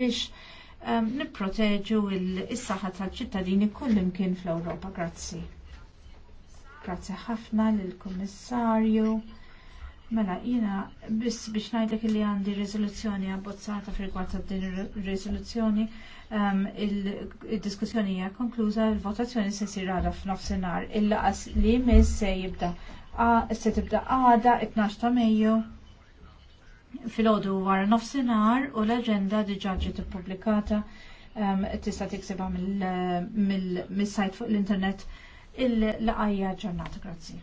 biex um, nipproteġu il-saħħa tal-ċittadini kullimkien fl-Ewropa. Grazzi. Grazzi ħafna lill-Kummissarju. Mela, jina biss biex ngħidlek li għandi riżoluzzjoni abbozzata f'rigward ta' din ir-riżoluzzjoni, um, ehm, il-diskussjoni hija konkluża, il-votazzjoni se jsir għadha f'nofsinhar. Il-laqas li jmiss se jibda se tibda għada 12 ta' Mejju filgħodu wara nofsinhar u l-aġenda diġà ġiet ippubblikata ehm, tista' tiksibha mill-sajt fuq l-internet il-laqajja ġurnata. Grazzi.